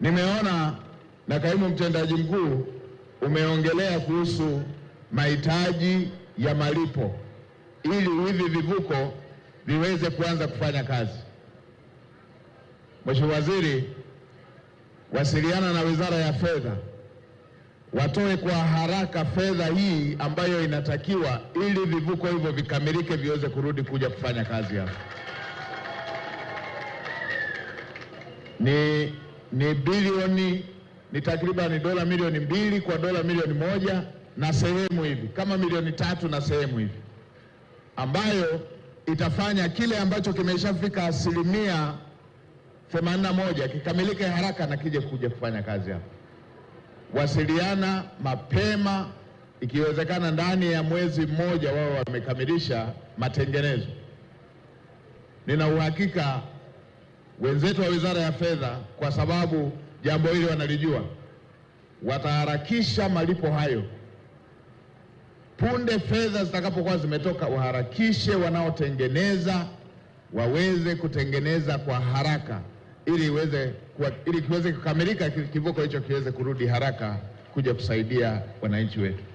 Nimeona na kaimu mtendaji mkuu umeongelea kuhusu mahitaji ya malipo ili hivi vivuko viweze kuanza kufanya kazi. Mheshimiwa Waziri, wasiliana na Wizara ya Fedha watoe kwa haraka fedha hii ambayo inatakiwa ili vivuko hivyo vikamilike viweze kurudi kuja kufanya kazi hapa. Ni ni bilioni ni takriban dola milioni mbili kwa dola milioni moja na sehemu hivi, kama milioni tatu na sehemu hivi, ambayo itafanya kile ambacho kimeshafika asilimia moja kikamilike haraka na kije kuja kufanya kazi hapa. Wasiliana mapema, ikiwezekana ndani ya mwezi mmoja wao wamekamilisha matengenezo. Nina uhakika wenzetu wa Wizara ya Fedha, kwa sababu jambo hili wanalijua, wataharakisha malipo hayo punde fedha zitakapokuwa zimetoka, waharakishe wanaotengeneza waweze kutengeneza kwa haraka ili iweze ili kiweze kukamilika, kivuko hicho kiweze kurudi haraka kuja kusaidia wananchi wetu.